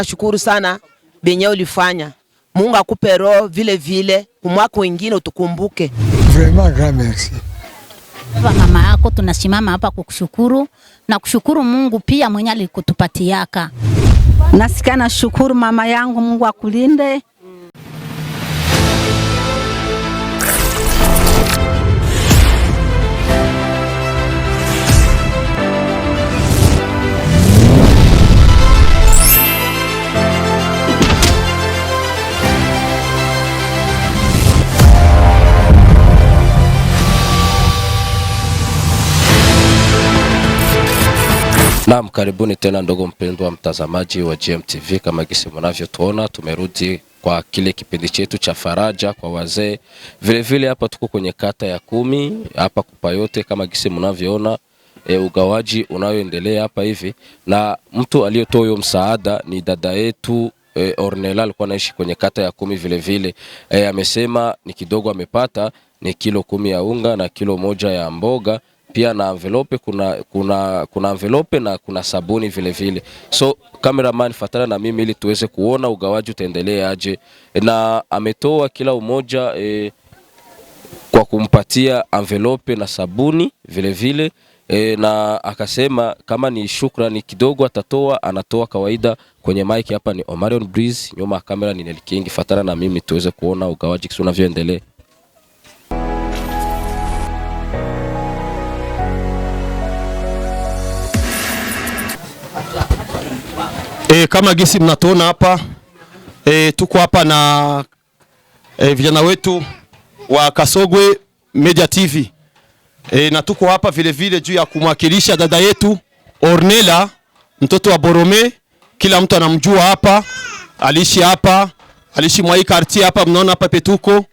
Nashukuru sana benye ulifanya. Mungu akupe roho vile vile, umwaka wengine utukumbuke. Mama yako tunasimama hapa kukushukuru na kushukuru Mungu pia mwenye alikutupatiaka. Nasikana shukuru mama yangu, Mungu akulinde. Naam, karibuni tena ndugu mpendwa mtazamaji wa GMTV. Kama gisi mnavyotuona, tumerudi kwa kile kipindi chetu cha faraja kwa wazee. Vilevile hapa tuko kwenye kata ya kumi hapa Kupayote, kama gisi mnavyoona e, ugawaji unayoendelea hapa hivi, na mtu aliyetoa huyo msaada ni dada yetu e, Ornella alikuwa anaishi kwenye kata ya kumi vilevile vile. E, amesema ni kidogo amepata ni kilo kumi ya unga na kilo moja ya mboga pia na envelope kuna, kuna, kuna envelope na kuna sabuni vile vile. So cameraman, fatana na mimi ili tuweze kuona ugawaji utaendelea aje, na ametoa kila umoja e, kwa kumpatia envelope na sabuni vile vile, e, na akasema kama ni shukrani kidogo atatoa, anatoa kawaida kwenye mike. hapa. Ni Omarion Breeze, nyuma ya kamera ni Nel King. Fatana na mimi tuweze kuona ugawaji unavyoendelea. E, kama gisi mnatuona hapa e, tuko hapa na e, vijana wetu wa Kasogwe Media TV e, na tuko hapa vilevile juu ya kumwakilisha dada yetu Ornella mtoto wa Borome. Kila mtu anamjua hapa, aliishi hapa, aliishi mwa hii quartier hapa, mnaona hapa petuko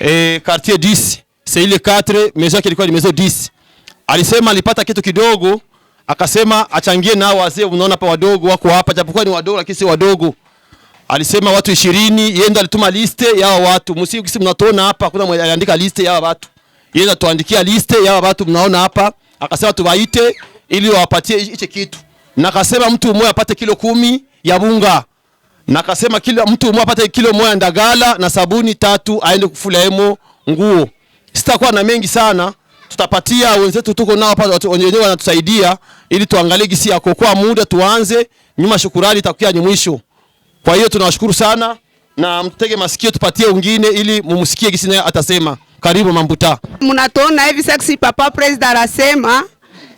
e, quartier 10 c'est ile 4 maison yake ilikuwa ni maison 10. Alisema alipata kitu kidogo akasema achangie nao wazee. Unaona hapa wadogo wako hapa, japokuwa ni wadogo lakini si wadogo. Alisema watu 20, yeye ndo alituma liste yao watu. Msiku Msikisi mnatuona hapa, kuna mmoja aliandika liste yao watu, yeye ndo tuandikia liste yao watu, mnaona hapa. Akasema tuwaite ili wawapatie hicho kitu, na akasema mtu mmoja apate kilo kumi ya bunga, na akasema kila mtu mmoja apate kilo moja ndagala na sabuni tatu, aende kufulemo nguo. Sitakuwa na mengi sana tutapatia wenzetu tuko nao hapa, wenyewe wanatusaidia ili tuangalie gisi ya kuokoa muda, tuanze nyuma, shukurani itakuwa ni mwisho. Kwa hiyo tunawashukuru sana na mtege masikio, tupatie wengine ili mumsikie gisi naye atasema. Karibu Mambuta. Mnatuona hivi sasa, papa president arasema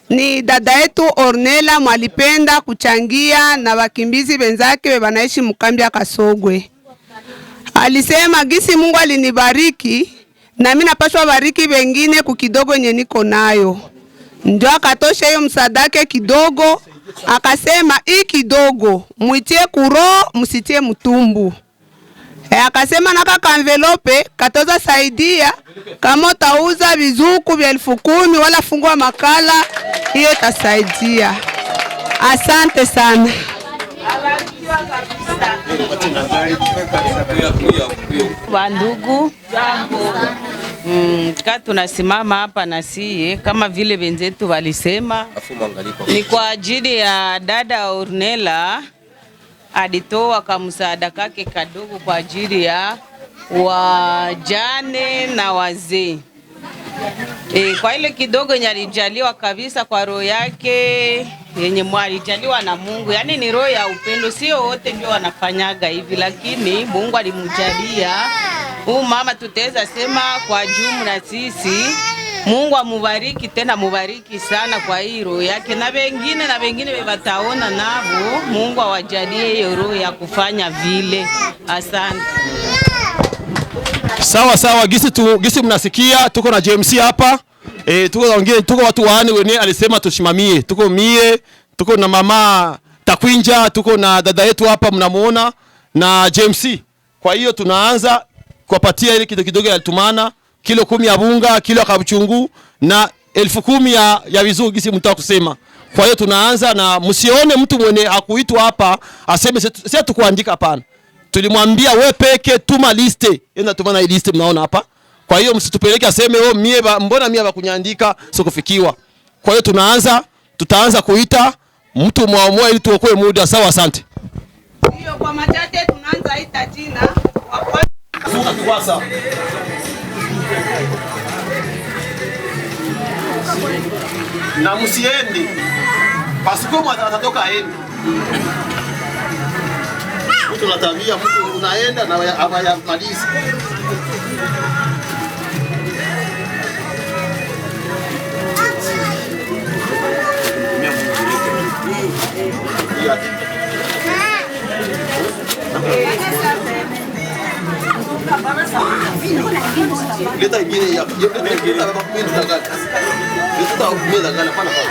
ni dada yetu Ornella mwalipenda kuchangia na wakimbizi wenzake wanaishi mkambi ya Kasogwe. Alisema gisi Mungu alinibariki nami napashwa bariki wengine kukidogo yenye niko nayo, ndio akatosha hiyo msadake kidogo, akasema hii kidogo mwitie kuro, msitie mtumbu. E, akasema naka kanvelope katoza saidia kama utauza vizuku vya elfu kumi wala fungua makala hiyo tasaidia. Asante sana. Wandugu mm, ka tunasimama hapa na siye kama vile wenzetu walisema, ni kwa ajili ya dada Ornella alitoa kamsaada kake kadogo kwa ajili ya wajane na wazee. E, kwa ile kidogo yenye alijaliwa kabisa kwa roho yake yenye mwalijaliwa na Mungu, yaani ni roho ya upendo. Sio wote ndio wanafanyaga hivi, lakini Mungu alimjalia huu mama. Tutaweza sema kwa jumla sisi Mungu amubariki tena mubariki sana kwa hii roho yake, na wengine na wengine wataona navo. Mungu awajalie hiyo roho ya kufanya vile. Asante. Sawa sawa, gisi tu gisi mnasikia, tuko na JMC hapa e, tuko wengine, tuko watu waani wenyewe alisema tushimamie, tuko mie, tuko na mama Takwinja, tuko na dada yetu hapa mnamuona na JMC. Kwa hiyo tunaanza kuwapatia ile kitu kidogo ya tumana kilo kumi ya bunga, kilo ya kabuchungu na elfu kumi ya, ya vizuri gisi mtaka kusema. Kwa hiyo tunaanza na msione mtu mwenye akuitwa hapa aseme sisi tukuandika, hapana. Tulimwambia we peke tuma liste. Enda tuma na liste mnaona hapa. Kwa hiyo msitupeleke aseme oh, mie ba, mbona mie bakunyandika kufikiwa Kwa hiyo tunaanza tutaanza kuita mtu muamua ili tuokoe muda. Sawa, asante. Hiyo kwa machache tunaanza ita jina wapo. Na msiende. Pasiko mwatatoka endi. wa tabia, mtu unaenda na hawayamalizi. Kita ingine ya kita gini ya kita kita kwa kita kaka. kita au kuinda kaka pala pala.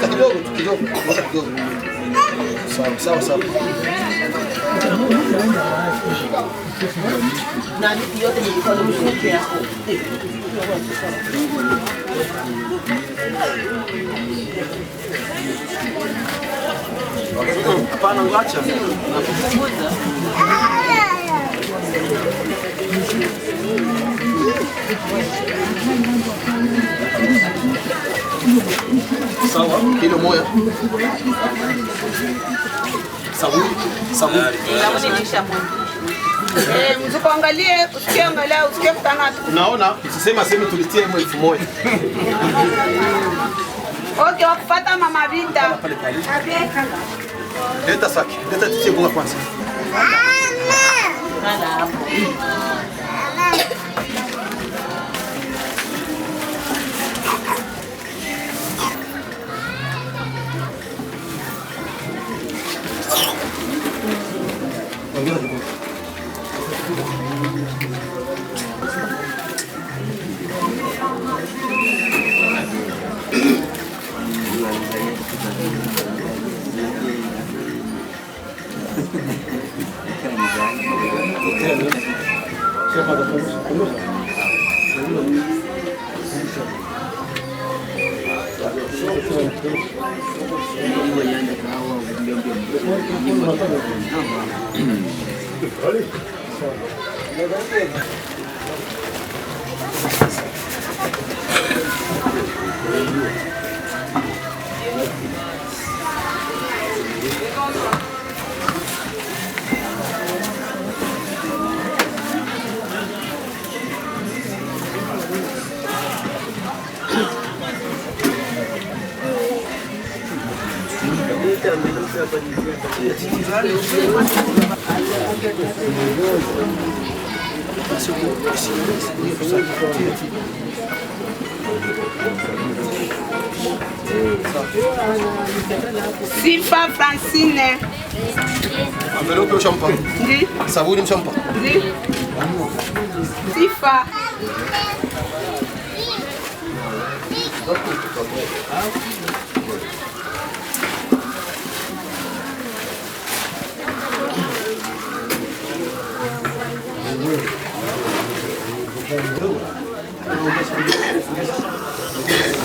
kidogo kidogo kidogo salve, salve, salve. não, não, não, não, não, não, não, não, não, não, não Sawa, kilo moja. Sabuni, sabuni. Eh, msikuangalie, usikiangalia, usikie kutana tu. Unaona, usisema sema tulitie elfu moja. Okay, wakupata mama Rita. Leta saki, leta tutie kwanza. Mama. Mama. também não Thank you. Silva Francine. Enveloppe champagne. Di. Savourim champagne. Di. Silva. Thank you.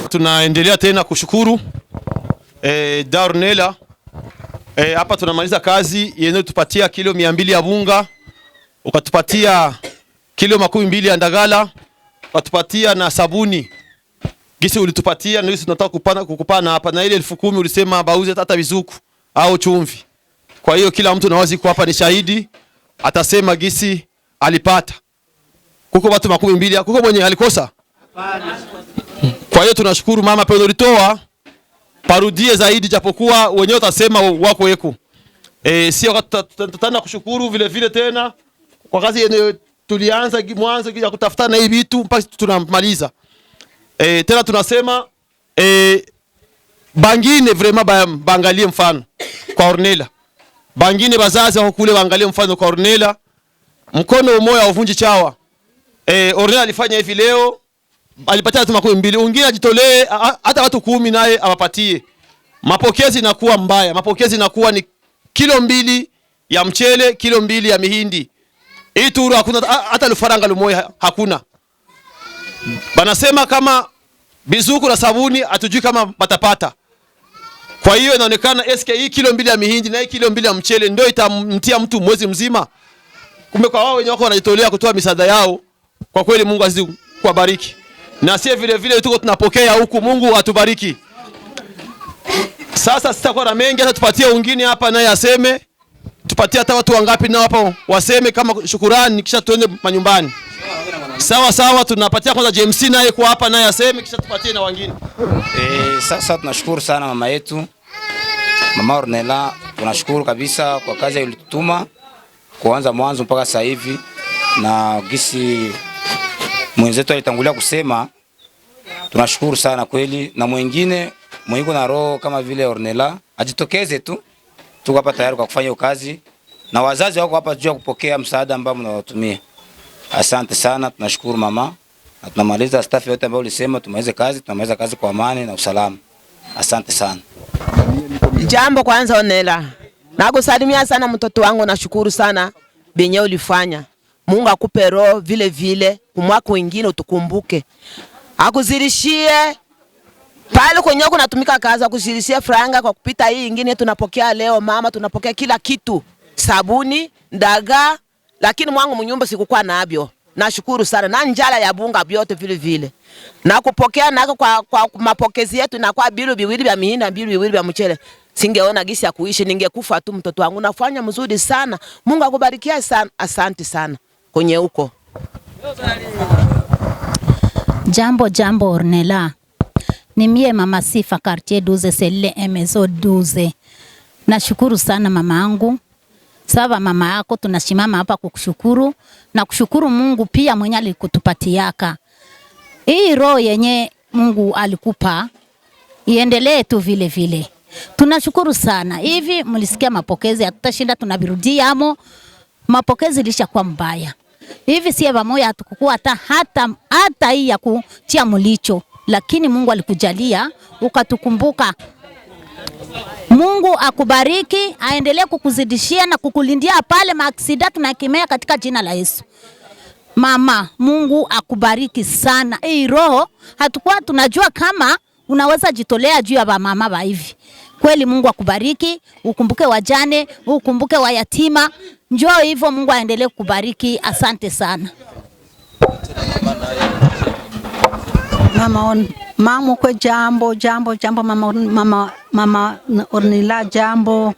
Tunaendelea tena kushukuru e, eh, Darnella eh, hapa e, tunamaliza kazi yenyewe, tupatia kilo mia mbili ya bunga, ukatupatia kilo makumi mbili ya ndagala, ukatupatia na sabuni gisi ulitupatia na sisi tunataka kupana kukupana hapa na ile elfu kumi ulisema bauze hata vizuku au chumvi. Kwa hiyo kila mtu nawazi hapa ni shahidi atasema gisi alipata kuko watu makumi mbili, kuko mwenye alikosa. Kwa hiyo tunashukuru mama pendo litoa parudie zaidi, japokuwa wenyewe utasema wako yeku e, si tutaenda kushukuru vile vile tena kwa kazi yenye tulianza mwanzo ya kutafuta na hivi vitu mpaka tunamaliza. E, tena tunasema e, bangine vrema baangalie mfano kwa Ornella, bangine bazazi wako kule waangalie mfano kwa Ornella, mkono umoja uvunji chawa eh, Ornella alifanya hivi leo, alipatia watu makumi mbili, ungine ajitolee hata watu kumi naye awapatie. Mapokezi inakuwa mbaya, mapokezi inakuwa ni kilo mbili ya mchele, kilo mbili ya mihindi. Hii turu hakuna hata lufaranga lumoya, hakuna. Banasema kama bizuku na sabuni, hatujui kama batapata. Kwa hiyo inaonekana SK e hii kilo mbili ya mihindi na hii kilo mbili ya mchele ndio itamtia mtu mwezi mzima. Kumbe kwa wao wenyewe wako wanajitolea kutoa misaada yao kwa kweli Mungu azidi kubariki na sie vile vile tuko tunapokea huku, Mungu atubariki. Sasa sitakuwa na mengi, hata tupatie wengine hapa naye aseme, tupatie hata watu wangapi nao hapa waseme kama shukurani, kisha tuende manyumbani. Sawa sawa, tunapatia kwanza JMC naye kwa hapa naye aseme, kisha tupatie na wengine. Eh, sasa tunashukuru sana mama yetu Mama Ornella, tunashukuru kabisa kwa kazi ilitutuma kuanza mwanzo mpaka sasa hivi na gisi mwenzetu alitangulia kusema, tunashukuru sana kweli, na mwingine mwiko na roho kama vile Ornella ajitokeze tu, tuko hapa tayari kwa kufanya kazi, na wazazi wako hapa juu kupokea msaada ambao mnawatumia. Asante sana, tunashukuru mama, na tunamaliza staff yote ambao ulisema tumalize kazi, tunamaliza kazi kwa amani na usalama. Asante sana. Jambo kwanza, Ornella nakusalimia sana mtoto wangu, nashukuru sana benye ulifanya. Mungu akupe roho vile vile umwaka wengine utukumbuke, akuzirishie pale kwenye kunatumika kazi, akuzirishie franga kwa kupita hii ingine tunapokea leo. Mama, tunapokea kila kitu, sabuni, ndaga, lakini mwangu mnyumba sikukuwa nabyo. Nashukuru sana na njala ya bunga byote vile vile. Na kupokea na kwa, kwa mapokezi yetu na kwa bilu biwili vya mihina bilu biwili vya mchele. Singeona gisi ya kuishi, ningekufa tu mtoto wangu. Nafanya mzuri sana. Mungu akubarikia sana. Asante sana. Kwenye uko. Jambo jambo Ornella, ni mie mama Sifa Kartie Duze selle Emezo Duze. Nashukuru sana mama angu Sawa mama yako, tunashimama hapa kukushukuru na kushukuru Mungu pia mwenye alikutupatiaka hii roho yenye Mungu alikupa iendelee tu vile vile. Tunashukuru sana. Hivi mlisikia mapokezi, hatutashinda tunavirudia amo. Mapokezi ilishakuwa mbaya, hivi sie vamoya hatukukua hata hata hata hii ya kutia mlicho, lakini Mungu alikujalia ukatukumbuka. Mungu akubariki, aendelee kukuzidishia na kukulindia pale maksidak na kimea katika jina la Yesu. Mama, Mungu akubariki sana. Hii roho hatukuwa tunajua kama unaweza jitolea juu ya mama ba hivi. Kweli Mungu akubariki, ukumbuke wajane, ukumbuke wayatima. Njoo hivyo, Mungu aendelee kubariki. Asante sana mama on mama kwa jambo jambo jambo mama, mama, mama Ornila jambo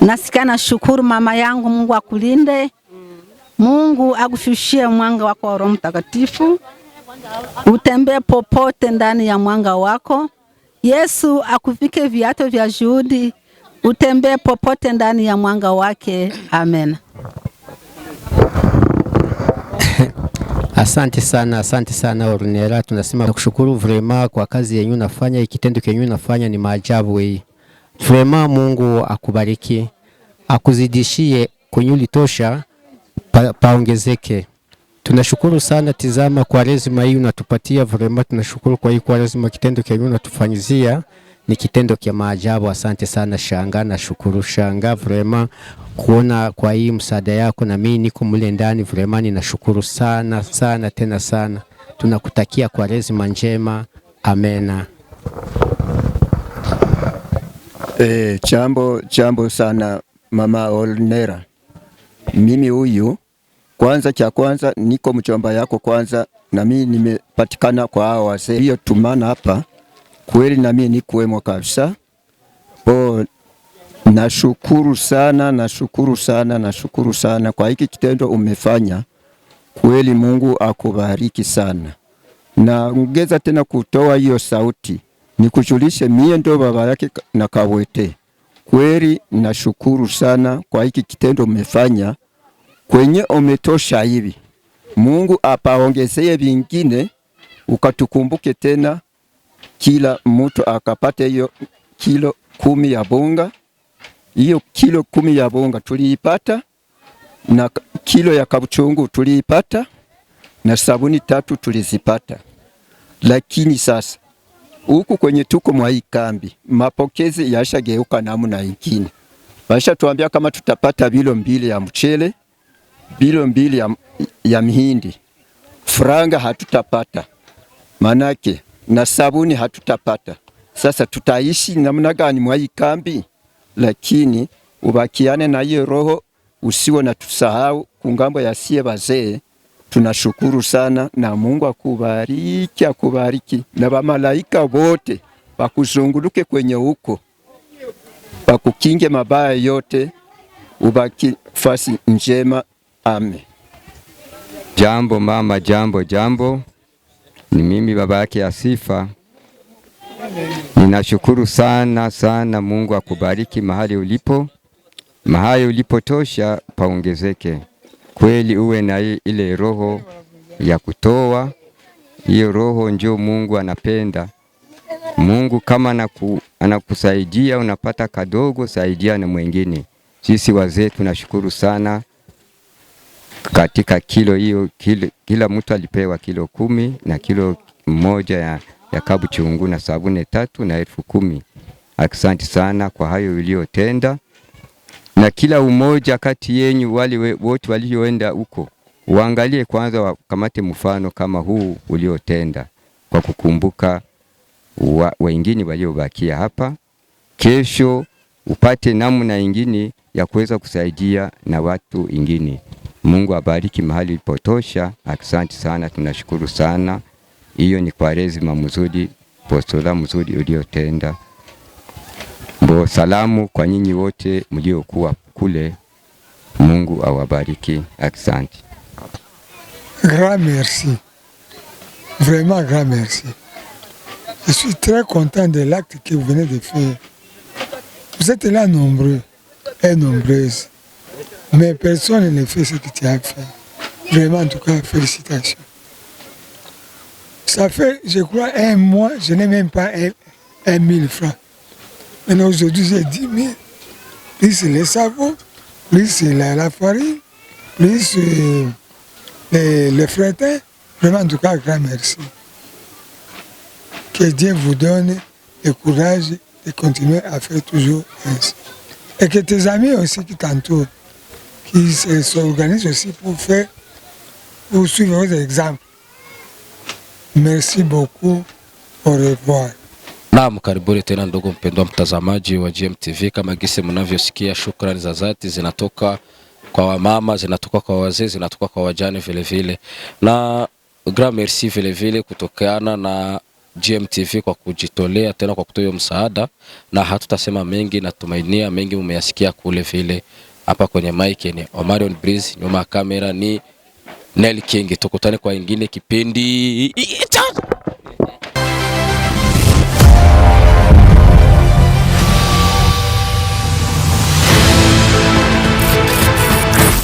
nasikia na shukuru mama yangu, Mungu akulinde, Mungu akushushie mwanga wako wa Roho Mtakatifu, utembee popote ndani ya mwanga wako. Yesu akuvike viato vya juhudi utembee popote ndani ya mwanga wake. Amen. Asante sana, asante sana Ornera, tunasema kushukuru vrema kwa kazi yenyu nafanya, ikitendo kenyu nafanya ni maajabu hii. Eh. Vrema Mungu akubariki, akuzidishie kwenye litosha, pa, paongezeke. Tunashukuru sana, tizama kwa rezima hii unatupatia vrema, tunashukuru kwa hii kwa rezima, kitendo kenyu natufanyizia ni kitendo kia maajabu. Asante sana Shanga, nashukuru Shanga vrema kuona kwa hii msaada yako, na mimi niko mle ndani vrema, ninashukuru sana sana tena sana. Tunakutakia kwa rezima njema, amena. E, eh, chambo chambo sana mama Olnera, mimi huyu kwanza, cha kwanza niko mchomba yako kwanza, na mimi nimepatikana kwa hao wazee hiyo tumana hapa kweli nami nikuwemo kabisa. Po, nashukuru sana, nashukuru sana, nashukuru sana kwa hiki kitendo umefanya kweli. Mungu akubariki sana, na ngeza tena kutoa hiyo sauti nikujulishe mie ndo baba yake na kawete Kweli nashukuru sana kwa hiki kitendo umefanya kwenye umetosha hivi. Mungu apaongezee vingine, ukatukumbuke tena kila mtu akapate hiyo kilo kumi ya bunga. Hiyo kilo kumi ya bunga tuliipata, na kilo ya kabuchungu tuliipata, na sabuni tatu tulizipata. Lakini sasa huku kwenye tuko mwa hii kambi, mapokezi yashageuka namna basha tuambia kama tutapata bilo mbili ya mchele, bilo mbili ya, ya mihindi, franga hatutapata manake na sabuni hatutapata. Sasa tutaishi namna gani mwa hii kambi? Lakini ubakiane na hiyo roho, usiwe na tusahau kungambo ya sie bazee. Tunashukuru sana na Mungu akubariki, akubariki na bamalaika wote bakuzunguluke kwenye huko, bakukinge mabaya yote, ubaki fasi njema. Amen. Jambo mama, jambo jambo ni mimi baba yake ya Sifa. Ninashukuru sana sana, Mungu akubariki mahali ulipo, mahali ulipotosha paongezeke kweli, uwe na ile roho ya kutoa. Hiyo roho ndio Mungu anapenda. Mungu kama anaku, anakusaidia unapata kadogo, saidia na mwingine. Sisi wazee tunashukuru sana katika kilo hiyo kilo, kila mtu alipewa kilo kumi na kilo moja ya, ya kabu chungu na sabuni tatu na elfu kumi. Asante sana kwa hayo uliyotenda, na kila umoja kati yenyu wale wote walioenda huko waangalie kwanza, wakamate mfano kama huu uliotenda kwa kukumbuka wengine wa waliobakia hapa. Kesho upate namna ingine ya kuweza kusaidia na watu ingine. Mungu abariki mahali ilipotosha. Asante sana, tunashukuru sana. Hiyo ni Kwaresima mzuri, postola mzuri uliotenda. bo salamu kwa nyinyi wote mliokuwa kule, Mungu awabariki. Asante. Grand merci. Vraiment grand merci. Je suis très content de l'acte que vous venez de faire. Vous êtes là nombreux et nombreuses. Mais personne ne fait ce que tu as fait. Vraiment, en tout cas, félicitations. Ça fait, je crois, un mois, je n'ai même pas un, mille francs. mais aujourd'hui, j'ai 10 000. Plus c'est les savons, plus c'est la, farine, plus c'est le les Vraiment, en tout cas, grand merci. Que Dieu vous donne le courage de continuer à faire toujours ainsi. Et que tes amis aussi qui t'entourent qui s'organisent aussi pour faire, pour suivre vos exemples. Merci beaucoup, au revoir. Naam, karibuni tena ndugu mpendwa mtazamaji wa GMTV. Kama gisi mnavyosikia, shukrani za dhati zinatoka kwa wamama, zinatoka kwa wazee, zinatoka kwa wajane vilevile vile. Na grand merci vilevile kutokana na GMTV kwa kujitolea tena kwa kutoa msaada, na hatutasema mengi, natumainia mengi umeyasikia kule vile. Hapa kwenye mic ni Omarion Breeze, nyuma ya kamera ni Nel King. Tukutane kwa ingine kipindi